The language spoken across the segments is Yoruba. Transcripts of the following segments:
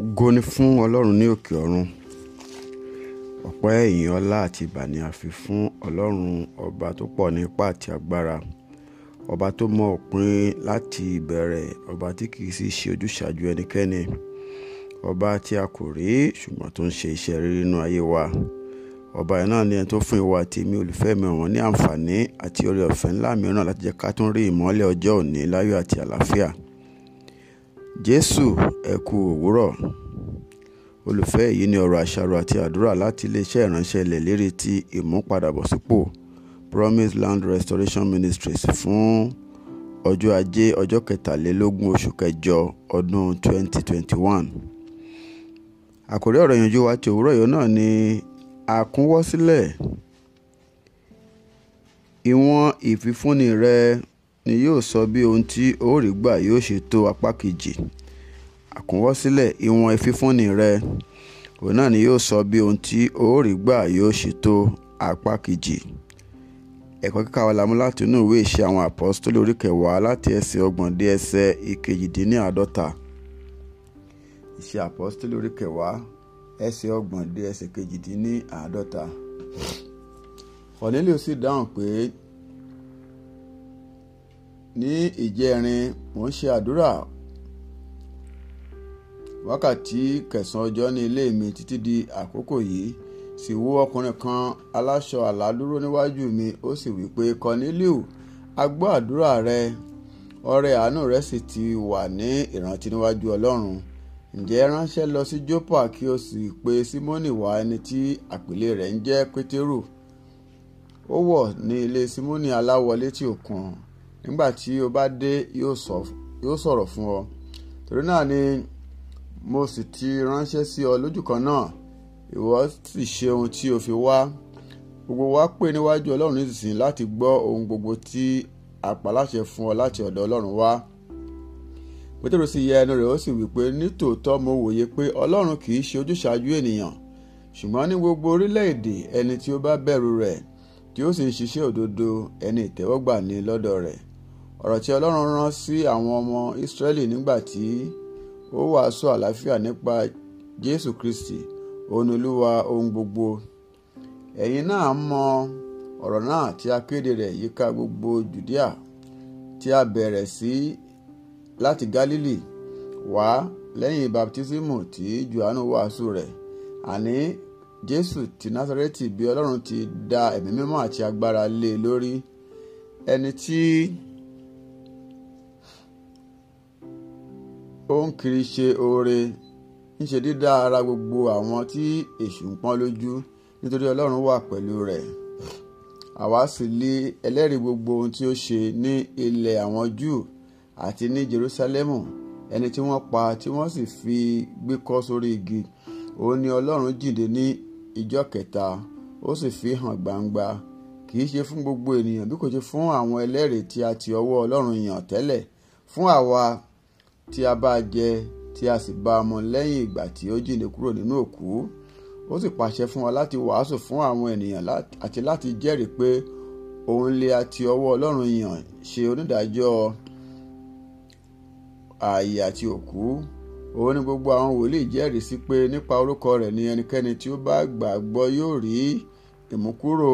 ògo ni fún ọlọ́run ní òkè ọ̀run ọ̀pọ̀ ẹ̀yìn ọlá àti ìbà ni a fi fún ọlọ́run ọba tó pọ̀ ní ipá àti agbára ọba tó mọ òpin láti ìbẹ̀rẹ̀ ọba tí kìí sì ṣe ojúṣàjú ẹnikẹ́ni ọba tí a kò rí ṣùgbọ́n tó ń ṣe iṣẹ́ rírí inú ayé wa ọba yìí náà ni ẹni tó fún ìwà àti èmi olùfẹ́ mi ọ̀wọ́n ní àǹfààní àti oore ọ̀fẹ́ ńlá mìíràn láti jẹ́ ká tún rí ìmọ́lẹ̀ ọjọ́ òní láyọ̀ àti àlàáfíà jésù ẹ kú òwúrọ̀ olùfẹ́ èyí ni ọ̀rọ̀ àṣàrò àti àdúrà láti iléeṣẹ́ ìránṣẹ́ ilẹ̀ lérí ti ìmúpadàbọ̀sípò promise land restoration ministries fún ọjọ́ ajé ọjọ́ kẹtàlélógún oṣù kẹjọ ọdún 2021 àkórí ọ̀rọ̀ ìyànjú wa ti òwúrọ̀ yìí náà ni àkúnwọ́sílẹ̀ ìwọ̀n ìfifúnni rẹ ni yóò sọ bí ohun tí o rí gbà yóò ṣe tó apá kejì àkúnwọ́sílẹ̀ ìwọ̀n fífúnni rẹ òun náà ni yóò sọ bí ohun tí o rí gbà yóò ṣe tó apá kejì ẹ̀kọ́ kíkà wa lámú láti inú ìwé ìṣe àwọn àpọ́sítélì orí láti ẹsẹ̀ ọgbọ̀n dé ẹsẹ̀ ìkejìdínláàdọ́ta ìṣe àpọ́sítélì orí ẹsẹ̀ ọgbọ̀n dé ẹsẹ̀ kejìdínláàdọ́ta Cornelius sì dáhùn pé ní ìjẹrin mò ń ṣe àdúrà wákàtí kẹsàn-án ọjọ́ ní ilé mi títí di àkókò yìí sì wú ọkùnrin kan aláṣọ àlá dúró níwájú mi ó sì wí pé Corneliu a gbọ́ àdúrà rẹ ọrẹ àánú rẹ sì ti wà ní ìrántí níwájú Ọlọ́run ǹjẹ́ ránṣẹ́ lọ sí Jópa kí o sì pe Símónì wá ẹni tí àpèlé rẹ̀ ń jẹ́ Pétérù ó wọ̀ ní ilé Símónì aláwọlé tí òkun nígbà tí o bá dé yóò sọ̀rọ̀ fún ọ torí náà ni mo sì ti ránṣẹ́ sí ọ lójú kan náà ìwọ sì ṣe ohun tí o fi wá gbogbo wa pè níwájú ọlọ́run nísinsìnyí láti gbọ́ ohun gbogbo tí àpàláṣẹ fún ọ láti ọ̀dọ̀ ọlọ́run wá pétérò sì yẹ ẹnu rẹ̀ ó sì wí pé nítòótọ́ mo wòye pé ọlọ́run kì í ṣe ojúṣàájú ènìyàn ṣùgbọ́n ní gbogbo orílẹ̀-èdè ẹni tí ó bá bẹ̀rù rẹ̀ tí ó sì ń ṣiṣẹ́ òdodo ẹni ìtẹ́wọ́gbà ní lọ́dọ̀ rẹ̀ ọ̀rọ̀ tí ọlọ́run rán sí àwọn ọmọ ìsírẹ́lì nígbà tí ó wàásù àlàáfíà nípa jésù kristi òun olúwa ohun gbogbo ẹ̀yin náà mọ ọ̀rọ̀ náà tí a kéde rẹ̀ yíká gbogbo judea tí a bẹ̀rẹ̀ sí láti galili wá lẹ́yìn baptismu tí johannu wàásù rẹ̀ àní jésù ti nasareti bí ọlọ́run ti da ẹ̀mí mímọ́ àti agbára lé e lórí ẹni tí. Tí ó ń kiri ṣe oore ń ṣe dídá ara gbogbo àwọn tí èṣù ń pọ́n lójú nítorí ọlọ́run wà pẹ̀lú rẹ̀ àwa sì lé ẹlẹ́rìí gbogbo ohun tí ó ṣe ní ilẹ̀ àwọn júù àti ní jerusalemu ẹni tí wọ́n pa tí wọ́n sì fi gbé kọ́ sórí igi òun ni ọlọ́run jíǹde ní ìjọ́ kẹta ó sì fi hàn gbangba kì í ṣe fún gbogbo ènìyàn bí kò ṣe fún àwọn ẹlẹ́rìí tí a ti ọwọ́ ọlọ́run yàn tẹ́lẹ̀ fún àwa tí a bá jẹ tí a sì bá ọmọ lẹ́yìn ìgbà tí ó jíǹde kúrò nínú òkú ó sì pàṣẹ fún wa láti wàásù fún àwọn ènìyàn àti láti jẹ́rìí pé òun lè àti ọwọ́ ọlọ́run yàn ṣe onídàájọ́ ààyè àti òkú òun ni gbogbo àwọn wòlíì jẹ́rìí sí pé nípa orúkọ rẹ̀ ni ẹnikẹ́ni tí ó bá gbàgbọ́ yóò rí ìmúkúrò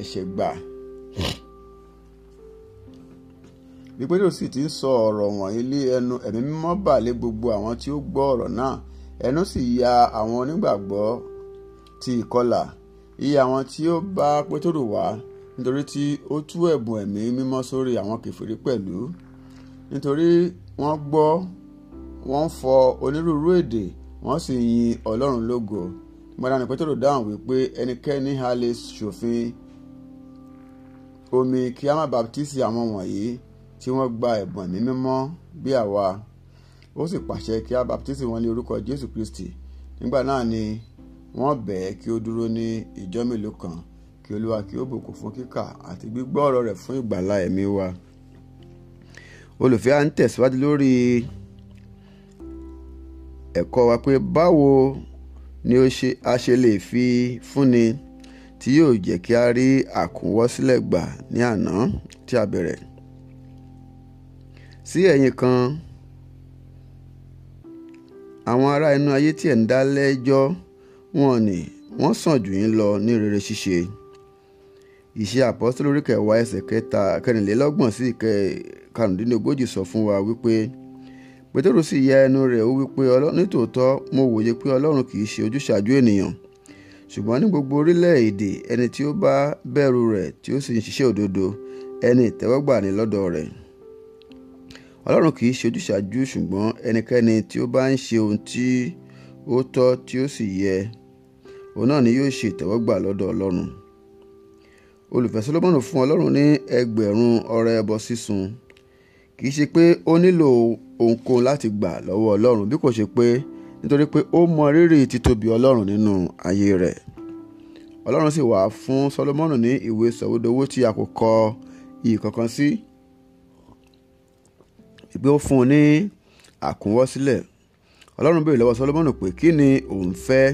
ẹ̀ṣẹ̀ gbà bí pétérù sì ti ń sọ ọ̀rọ̀ wọ̀nyí lé ẹnu ẹ̀mí mímọ́ bà lé gbogbo àwọn tí ó gbọ́ ọ̀rọ̀ náà ẹnu sì ya àwọn onígbàgbọ́ ti ìkọlà iye àwọn tí ó bá pétérù wá nítorí tí ó tú ẹ̀bùn ẹ̀mí mímọ́ sórí àwọn kèfèrí pẹ̀lú nítorí wọ́n gbọ́ wọ́n ń fọ onírúurú èdè wọ́n sì yin ọlọ́run lógo mọ́dánù pétérù dáhùn wípé ẹnikẹ́ni ha lè ṣòfin omi kí a má baptisi àwọn wọ̀nyí tí wọ́n gba ẹ̀bùn ẹ̀mí mímọ́ bí àwa ó sì pàṣẹ kí a baptisi wọn ní orúkọ jésù kristi nígbà náà ni wọ́n bẹ̀ẹ́ kí ó dúró ní ìjọ mélòó kan kí olúwa kí ó bùkún fún kíkà àti gbígbọ́ ọ̀rọ̀ rẹ̀ fún ìgbàlá ẹ̀mí wa olùfẹ́ à ń tẹ̀síwájú lórí ẹ̀kọ́ wa pé báwo ni a ṣe lè fi fúnni tí yóò jẹ́ kí a rí àkúnwọ́sílẹ̀ gbà ní àná tí a bẹ̀rẹ̀ sí ẹ̀yin kan àwọn ará inú ayé tí ẹ̀ ń dá lẹ́jọ́ wọn ni wọ́n sàn jù yín lọ ní rere ṣíṣe ìṣe àpọ́sítélì orí kẹwàá ẹsẹ̀ kẹta kẹrìnlélọ́gbọ̀n sí ìkẹkàrúndínlógójì sọ fún wa wípé pétérù sì ya ẹnu rẹ̀ ó wípé nítòótọ́ mo wòye pé ọlọ́run kì í ṣe ojúṣàájú ènìyàn ṣùgbọ́n ní gbogbo orílẹ̀-èdè ẹni tí ó bá bẹ̀rù rẹ̀ tí ó sì ń ṣiṣẹ́ òdodo ẹni ìtẹ́wọ́gbà ní lọ́dọ̀ rẹ̀ ọlọ́run kì í ṣe ojúṣàájú ṣùgbọ́n ẹnikẹ́ni tí ó bá ń ṣe ohun tí ó tọ́ tí ó sì yẹ òun náà ni yóò ṣe ìtẹ́wọ́gbà lọ́dọ̀ ọlọ́run olùfẹ́ solomoni fún ọlọ́run ní ẹgbẹ̀rún ọrẹ ẹbọ sísun kì í ṣe pé ó nílò ohunkóhun láti gbà lọ́wọ́ ọlọ́run bí kò ṣe pé nítorí pé ó mọ rírì títóbi ọlọ́run nínú ayé rẹ̀ ọlọ́run sì wà fún solomoni ní ìwé sọ̀wédowó tí a kò kọ ìyì sí si pé ó fún un ní àkúnwọ́sílẹ̀ ọlọ́run béèrè lọ́wọ́ solomoni pé kí ni òun fẹ́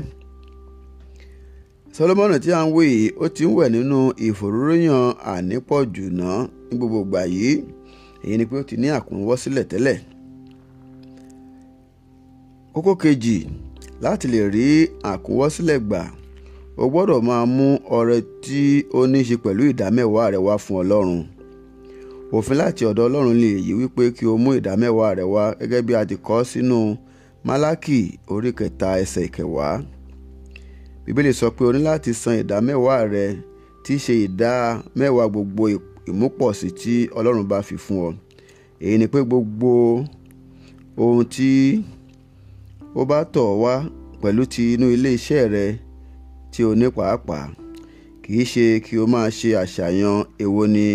solomoni tí a ń wí yìí ó ti ń wẹ̀ nínú ìfòróróyàn ànípọ̀jù náà ní gbogbo ìgbà yìí èyí ni pé ó ti ní àkúnwọ́sílẹ̀ tẹ́lẹ̀ kókó kejì láti lè rí àkúnwọ́sílẹ̀ gbà o gbọ́dọ̀ máa mú ọrẹ tí ó ní í ṣe pẹ̀lú ìdámẹ́wàá rẹ wá fún ọlọ́run òfin láti ọ̀dọ̀ ọlọ́run ni èyí wípé kí o mú ìdá mẹ́wàá rẹ wá gẹ́gẹ́ bí a ti kọ sínú málákì orí kẹta ẹsẹ̀ ìkẹwàá bíbélì sọ pé o ní láti san ìdá mẹ́wàá rẹ tí í ṣe ìdá mẹ́wàá gbogbo ìmúpọ̀sí tí ọlọ́run bá fi fún ọ èyí ni pé gbogbo ohun tí ó bá tọ̀ wá pẹ̀lú ti inú ilé iṣẹ́ rẹ tí o ní pàápàá kì í ṣe kí o máa ṣe àṣàyàn èwo ni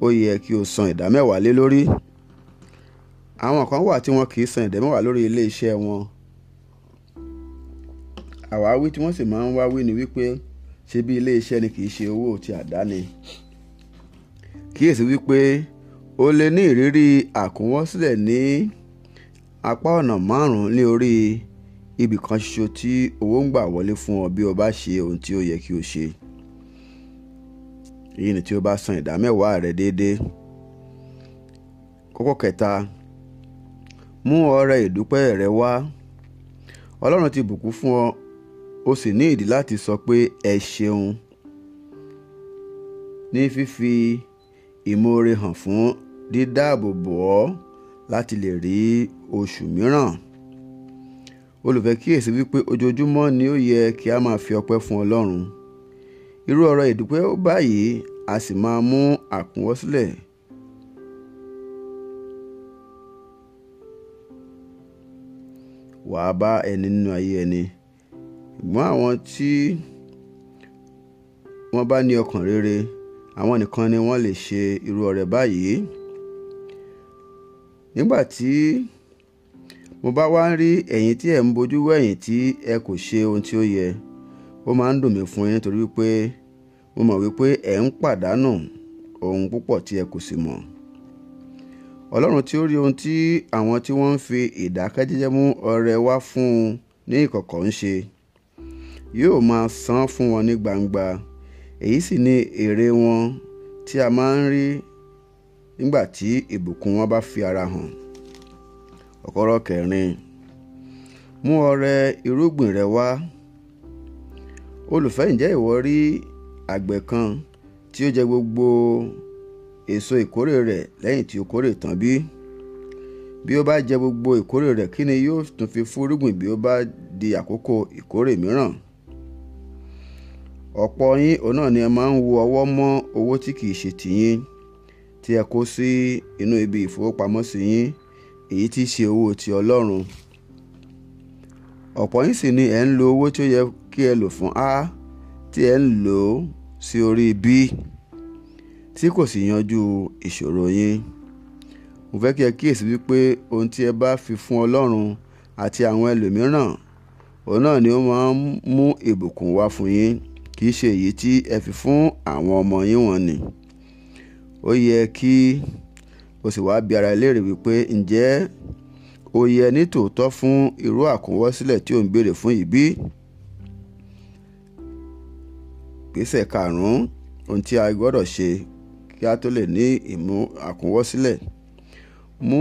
ó yẹ kí o san ìdá mẹ́wàá lé lórí àwọn kan wà tí wọn kì í san ìdá mẹ́wàá lórí ilé iṣẹ́ wọn àwáwí tí wọ́n sì máa ń wáwí ni wípé ṣe bí ilé iṣẹ́ ni kì í ṣe owó ti àdáni kíyèsí wípé o lè ní ìrírí àkúnwọ́sílẹ̀ ní apá ọ̀nà márùn-ún ní orí ibì kan ṣoṣo tí owó ń gbà wọlé fún ọ bí o bá ṣe ohun tí ó yẹ kí o ṣe èyí ni tí o bá san ìdá mẹ́wàá rẹ déédéé kókó kẹta mú ọrẹ ìdúpẹ́ rẹ wá ọlọ́run ti bùkún fún ọ o sì ní ìdí láti sọ pé ẹ ṣeun ní fífi ìmoore hàn fún dídáàbòbò ọ láti lè rí oṣù mìíràn olùfẹ́ kíyèsí wípé ojoojúmọ́ ni ó yẹ kí a máa fi ọpẹ́ fún ọlọ́run irú ọ̀rọ̀ ìdúpẹ́ báyìí a sì máa mú àkúnwọ́ sílẹ̀. wàá bá ẹni nínú ayé ẹni ṣùgbọ́n àwọn tí wọ́n bá ní ọkàn rere àwọn nìkan ni wọ́n lè ṣe irú ọrẹ báyìí nígbà tí mo bá wá ń rí ẹ̀yin tí ẹ̀ ń bojú wẹ̀yìn tí ẹ kò ṣe ohun tí ó yẹ ó máa ń dùn mí fún yín torí pé mo mọ̀ wípé ẹ̀ ń pàdánù ohun púpọ̀ tí ẹ kò sì mọ̀ ọlọ́run tí ó rí ohun tí àwọn tí wọ́n ń fi ìdákẹ́jẹ́jẹ́ mú ọrẹ wá fún un ní ìkọ̀kọ̀ ń ṣe yóò máa san fún wọn ní gbangba èyí sì ni èrè wọn tí a máa ń rí nígbà tí ìbùkún wọn bá fi ara hàn ọ̀kọ́rọ̀ kẹrin mú ọrẹ irúgbìn rẹ wá olùfẹ́ ǹjẹ́ ìwọ rí àgbẹ̀ kan tí ó jẹ gbogbo èso ìkórè rẹ̀ lẹ́yìn tí ó kórè tán bí? bí ó bá jẹ gbogbo ìkórè rẹ̀ kí ni yóò tún fi fúrúgbìn bí ó bá di àkókò ìkórè mìíràn? ọ̀pọ̀ yín òun náà ni ẹ máa ń wo ọwọ́ mọ́ owó tí kìí ṣe tìyín tí ẹ kó sí inú ibi ìfowópamọ́sí yín èyí tí í ṣe owó ti ọlọ́run ọ̀pọ̀ yín sì ni ẹ ń lo owó tí ó yẹ kí ẹ lò fún a tí ẹ ń lò ó sí orí b tí kò sì yanjú ìṣòro yín mo fẹ́ kí ẹ kíyèsí wípé ohun tí ẹ bá fi fún ọlọ́run àti àwọn ẹlòmíràn òun náà ni ó máa ń mú ìbùkún wá fún yín kì í ṣe èyí tí ẹ fi fún àwọn ọmọ yín wọn ni ó yẹ kí o sì wáá bi ara léèrè wípé ǹjẹ́ o yẹ nítòótọ́ fún irú àkúnwọ́sílẹ̀ tí ò ń béèrè fún yìí bí? ìgbésẹ̀ karùn-ún ohun tí a gbọ́dọ̀ ṣe kí a tó lè ní ìmú àkúnwọ́sílẹ̀ mú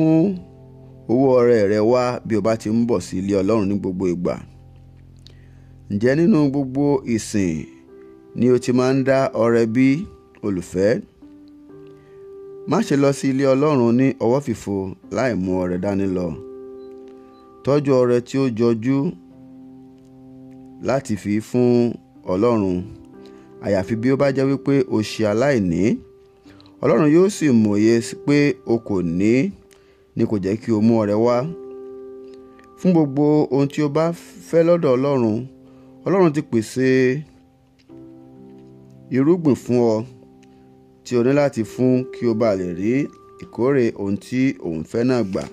owó ọrẹ rẹ wá bí o bá ti ń bọ̀ sí ilé ọlọ́run ní gbogbo ìgbà ǹjẹ́ nínú gbogbo ìsìn ni o ti máa ń dá ọrẹ bí olùfẹ́ má ṣe lọ sí ilé ọlọ́run ní ọwọ́ fìfo láì mú ọrẹ dání lọ tọ́jú ọrẹ tí ó jọjú láti fi fún ọlọ́run àyàfi bí ó bá jẹ́ wípé o ṣe aláìní ọlọ́run yóò sì mòye pé o kò ní ni kò jẹ́ kí o mú ọrẹ wá fún gbogbo ohun tí o bá fẹ́ lọ́dọ̀ ọlọ́run ọlọ́run ti pèsè irúgbìn fún ọ tí o ní láti fún kí o bá lè rí ìkórè ohun tí òun fẹ́ náà gbà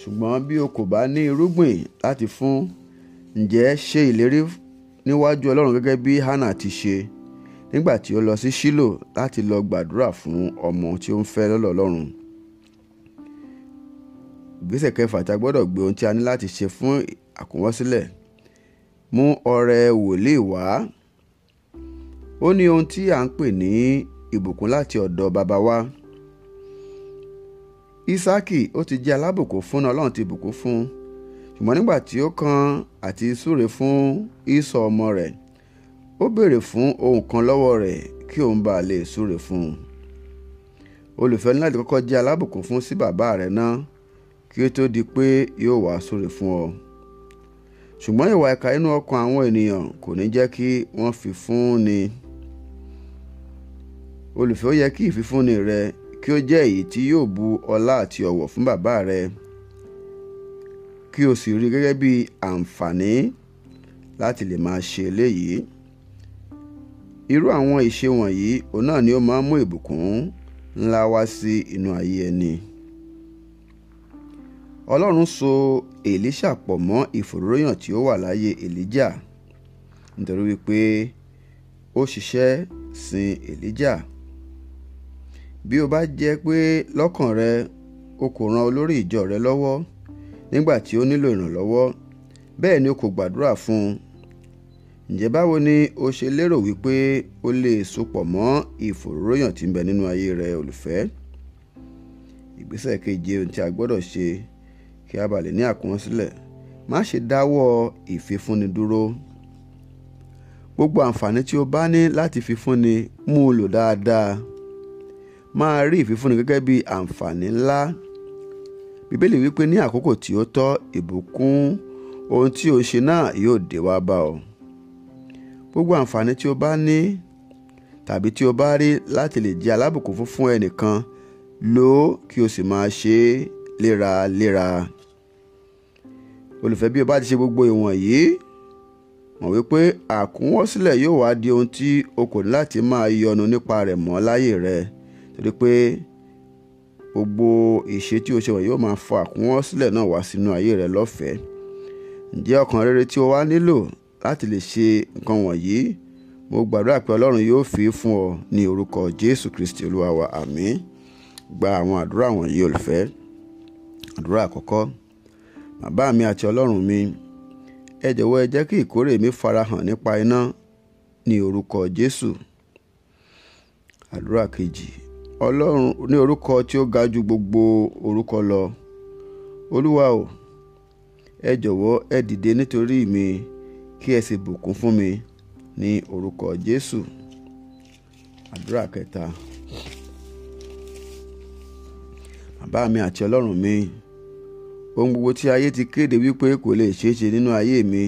ṣùgbọ́n bí o kò bá ní irúgbìn láti fún ǹjẹ́ ṣe ìlérí níwájú ọlọ́run gẹ́gẹ́ bí hannah ti ṣe nígbà tí ó lọ sí shilo láti lọ gbàdúrà fún ọmọ tí ó ń fẹ́ lọ́lọ́ ọlọ́run ìgbésẹ̀ kẹfà tí a gbọ́dọ̀ gbé ohun tí a ní láti ṣe fún àkúnwọ́sílẹ̀ mú ọrẹ wòlíì wá ó ní ohun tí à ń pè ní ìbùkún láti ọ̀dọ̀ bàbá wa isaki ó ti jẹ́ alábùkún fún ọlọ́run ti bùkún fún un ṣùgbọ́n nígbà tí ó kan àti súre fún ìsọ̀ ọmọ rẹ̀ ó béèrè fún ohun kan lọ́wọ́ rẹ̀ kí òun bá lè súre fún un olùfẹ́ ní láti kọ́kọ́ jẹ́ alábùkún fún sí bàbá rẹ̀ náà kí ó tó di pé yóò wá súre fún ọ ṣùgbọ́n ìwà ìka inú ọkàn àwọn ènìyàn kò ní jẹ́ kí wọ́n fi fún ni olùfẹ́ ó yẹ kí ìfifúnni rẹ kí ó jẹ́ èyí tí yóò bu ọlá àti ọ̀wọ̀ fún bàbá rẹ̀ kí o sì rí gẹ́gẹ́ bí àǹfààní láti lè máa ṣe eléyìí irú àwọn ìṣe wọ̀nyí òun náà ni ó máa ń mú ìbùkún ńlá wá sí inú ayé ẹni ọlọ́run so èlíṣà pọ̀ mọ́ ìfòróróyàn tí ó wà láyé èlíjà nítorí wípé ó ṣiṣẹ́ sin èlíjà bí o bá jẹ́ pé lọ́kàn rẹ o kò ran olórí ìjọ rẹ lọ́wọ́ nígbà tí ó nílò ìrànlọ́wọ́ bẹ́ẹ̀ ni o kò gbàdúrà fún un ǹjẹ́ báwo ni o ṣe lérò wípé o lè sopọ̀ mọ́ ìfòróróyàn tí ń bẹ nínú ayé rẹ olùfẹ́ ìgbésẹ̀ keje ohun tí a gbọ́dọ̀ ṣe kí a bàa ní àkúnwọ́sílẹ̀ má ṣe dáwọ́ ìfifúnni dúró gbogbo àǹfààní tí o bá ní láti fifúnni mú un lò dáadáa máa rí ìfifúnni gẹ́gẹ́ bí àǹfààní ńlá bíbélì wípé ní àkókò tí ó tọ́ ìbùkún ohun tí o ṣe náà yóò dé wá bá ọ gbogbo àǹfààní tí o bá ní tàbí tí o bá rí láti lè jẹ́ alábùkún fún fún ẹnìkan lò ó kí o sì máa ṣe é léraléra olùfẹ́ bí o bá ti ṣe gbogbo ìwọ̀nyí mọ̀ wípé àkúnwọ́sílẹ̀ yóò wá di ohun tí o kò ní láti máa yọnu nípa rẹ̀ mọ́ láyé rẹ torí pé gbogbo ìṣe tí o ṣe wọ̀nyí yóò máa fọ àkúnwọ́ sílẹ̀ náà wá sínú ayé rẹ lọ́fẹ̀ẹ́ ǹjẹ́ ọkàn rere tí o wá nílò láti lè ṣe nǹkan wọ̀nyí mo gbàdúrà pé ọlọ́run yóò fi fún ọ ní orúkọ jésù kristi olúwa wa àmín gba àwọn àdúrà wọ̀nyí olùfẹ́ àdúrà àkọ́kọ́ bàbá mi àti ọlọ́run mi ẹ jọ̀wọ́ ẹ jẹ́ kí ìkórè mi farahàn nípa iná ní orúkọ jésù àdúrà kejì ọlọ́run ní orúkọ tí ó ga ju gbogbo orúkọ lọ olúwa o ẹ jọ̀wọ́ ẹ dìde nítorí mi kí ẹ sì bùkún fún mi ní orúkọ jésù àdúrà kẹta bàbá mi àti ọlọ́run mi ohun gbogbo tí ayé ti kéde wípé kò lè ṣeé ṣe nínú ayé mi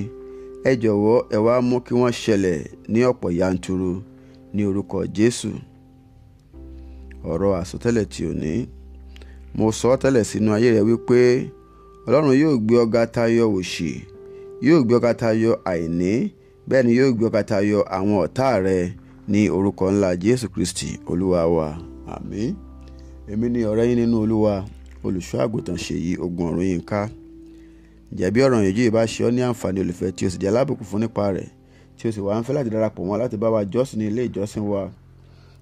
ẹ jọ̀wọ́ ẹ wá mú kí wọ́n ṣẹlẹ̀ ní ọ̀pọ̀ yanturu ní orúkọ jésù ọ̀rọ̀ àsọtẹ́lẹ̀ tí ò ní mo sọ ọ́ tẹ́lẹ̀ sínú ayé rẹ wípé ọlọ́run yóò gbé ọ ga tayọ òṣì yóò gbé ọ ga tayọ àìní bẹ́ẹ̀ ni yóò gbé ọ ga tayọ àwọn ọ̀tá rẹ ní orúkọ ńlá jésù kristi olúwa wa àmín èmi ni ọ̀rẹ́ yín nínú olúwa olùṣọ́ àgùntàn ṣèyí ogun ọ̀run yín ká jẹ̀bi ọ̀ràn yìí yìí ṣe ọ́ ní àǹfààní olùfẹ́ tí o sì jẹ́ alábùkún fún nípa rẹ̀ tí o sì wá ń fẹ́ láti darapọ̀ mọ́ láti bá wa jọ́sìn ní ilé ìjọsìn wa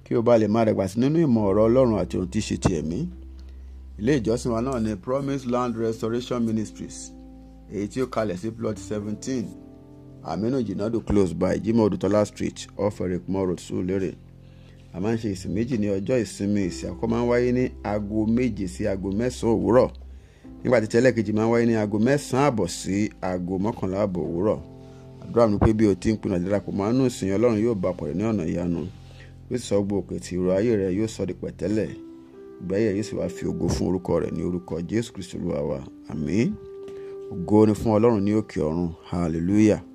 kí o bá lè máa dàgbà sí nínú ìmọ̀ ọ̀rọ̀ ọlọ́run àti ohun tí í ṣe ti ẹ̀mí ilé ìjọsìn wa náà ni promise land restoration ministries èyí tí ó kalẹ̀ sí plot seventeen aminu jinadu close by jimoh odutola street off erikmo road Surulere a máa ń ṣe ìsìn méjì ní ọjọ́ ìsinmi ìsìn àkọ́kọ́ máa ń wáyé ní aago méje sí aago mẹ́sàn-án òwúrọ̀ nígbà tí tẹ́lẹ̀ kejì máa ń wáyé ní aago mẹ́sàn-án àbọ̀ sí aago mọ́kànlá àbọ̀ òwúrọ̀ àdúrà mi pé bí o ti ń pinnu àdìrà kò máa ń ìsìn ọlọ́run yóò bá pọ̀rẹ̀ ní ọ̀nà ìyanu yóò sọ gbogbo òkè tí ìrò ayé rẹ yóò sọ di pẹ̀tẹ́lẹ̀ ìgbẹ́yẹ̀ yóò sì wá fi ògo fún orúkọ rẹ̀ ní orúkọ jésù kristu olúwa wa àmín ògo ni fún ọlọ́run ní òkè ọ̀run hallelujah.